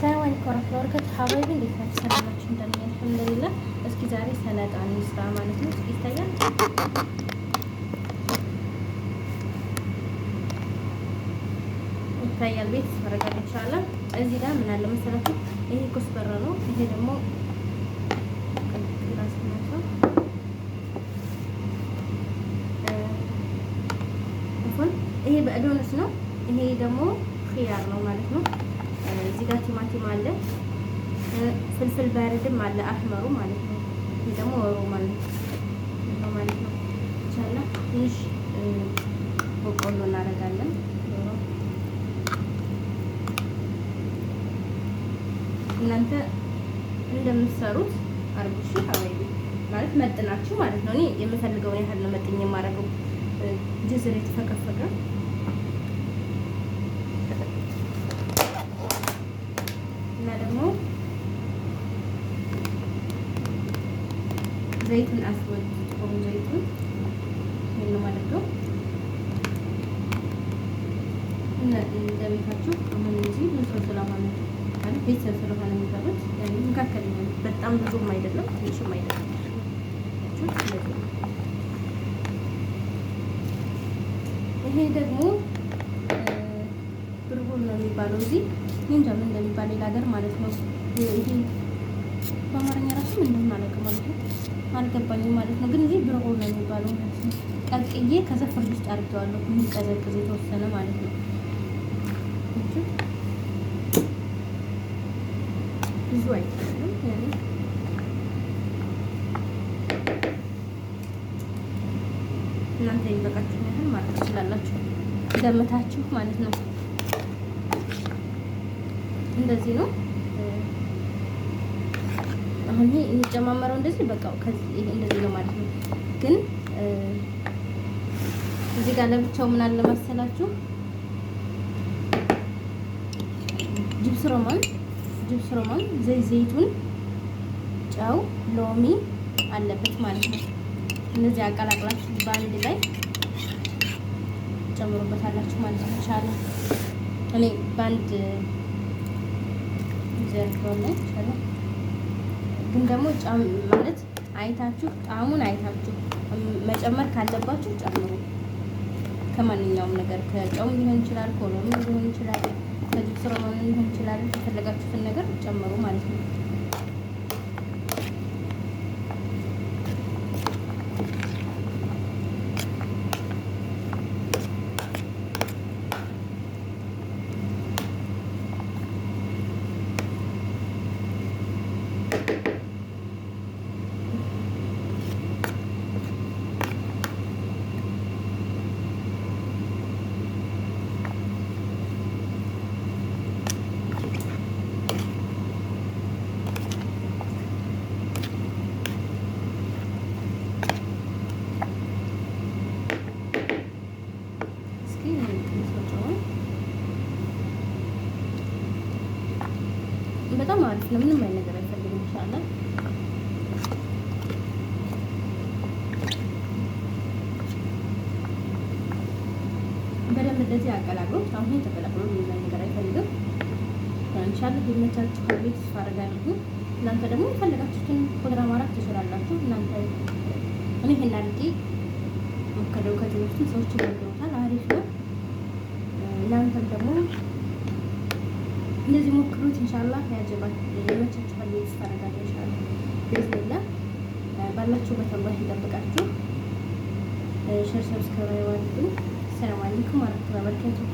ሰላም አለይኩም ወራህመቱላሂ ወበረካቱ። ሀባይቢ እንዴት ናችሁ? ሰላም ናችሁ? እንደምን አልሐምዱሊላህ። እስኪ ዛሬ ሰላጣ እንስራ ማለት ነው። እስኪ ይታያል። ይታያል ቤት መረጋገጥ ይቻላል። እዚህ ጋር ምን አለ መሰረቱ ይሄ ኮስበራ ነው። ይሄ ደግሞ ይሄ በእዶንስ ነው። ይሄ ደግሞ ነው ማለት ነው። እዚህ ጋር ቲማቲም አለ፣ ፍልፍል ባርድም አለ፣ አህመሩ ማለት ነው። ይሄ ደግሞ ወሮ ማለት ነው ማለት ነው። ቻላ ትንሽ በቆሎ እናደርጋለን። እናንተ እንደምትሰሩት አርጉሽ ሀባይቢ ማለት መጥናችሁ ማለት ነው። እኔ የምፈልገውን ያህል ነው መጥኜ የማደርገው። ጅዝር የተፈቀፈቀ ዘይትን አስወል ሆኑ ዘይቱን ይህን ማለት ነው። እንደ አሁን እዚህ ብዙ ስለሆነ ማለት ቤተሰብ ስለሆነ የሚበሉት መካከለኛ በጣም ብዙም አይደለም፣ ትንሽም አይደለም። ይሄ ደግሞ ብርቡር ነው የሚባለው እዚህ እንጃ ምን እንደሚባል ሌላ ሀገር ማለት ነው ይሄ በአማርኛ ራሱ ምን እንደሆነ ማለት ነው። አልገባኝም ማለት ነው። ግን እዚህ ብርሆ ነው የሚባለው ማለት ነው። ቀቅዬ ከዛ ፍርድ ውስጥ አድርጌዋለሁ። ምን ቀዘቅዝ የተወሰነ ማለት ነው። ብዙ አይቻልም ያኔ እናንተ ይበቃችሁን ያህል ማለት ትችላላችሁ፣ ገምታችሁ ማለት ነው። እንደዚህ ነው። አሁን ይሄ የሚጨማመረው እንደዚህ በቃ እንደዚህ ነው ማለት ነው። ግን እዚህ ጋር ለብቻው ምን አለ መሰላችሁ ጅብስ ሮማን ጅብስ ሮማን ዘይት ዘይቱን፣ ጨው፣ ሎሚ አለበት ማለት ነው። እነዚህ አቀላቅላችሁ በአንድ ላይ ጨምሩበታላችሁ ማለት ነው። ቻለ እኔ በአንድ ሮማን ላይ ግን ደግሞ ጫም ማለት አይታችሁ ጣዕሙን አይታችሁ መጨመር ካለባችሁ ጨምሩ። ከማንኛውም ነገር ከጨውም ሊሆን ይችላል፣ ከሎሚ ሊሆን ይችላል፣ ከጅብስ ሮማን ሊሆን ይችላል። ከፈለጋችሁትን ነገር ጨምሩ ማለት ነው። በጣም አሪፍ ነው። ምንም አይነት ነገር አይፈልግም። ይሻላል በደንብ እንደዚህ አቀላቅሎት አሁን ተቀላቅሎ ምንም አይነት ነገር አይፈልግም። ኢንሻአላህ ይመቻችሁ። ከቤት ተስፋ አደርጋለሁ። እናንተ ደግሞ የፈለጋችሁትን ቁጥራ ማራት ትችላላችሁ። እናንተ እኔ ይሄን አድርጌ ሞከረው። ከዚህ በፊት ሰዎች ይወደውታል። አሪፍ ነው። እናንተም ደግሞ እንደዚህ ሞክሩት። ኢንሻአላህ ያጀባል የመቻችኋል ቤት ተረጋጋ ኢንሻአላህ ቤዝላ ባላችሁ አላህ ይጠብቃችሁ። ሸር ሰብስክራይብ አድርጉ። ሰላም አለይኩም ወራህመቱላሂ ወበረካቱሁ።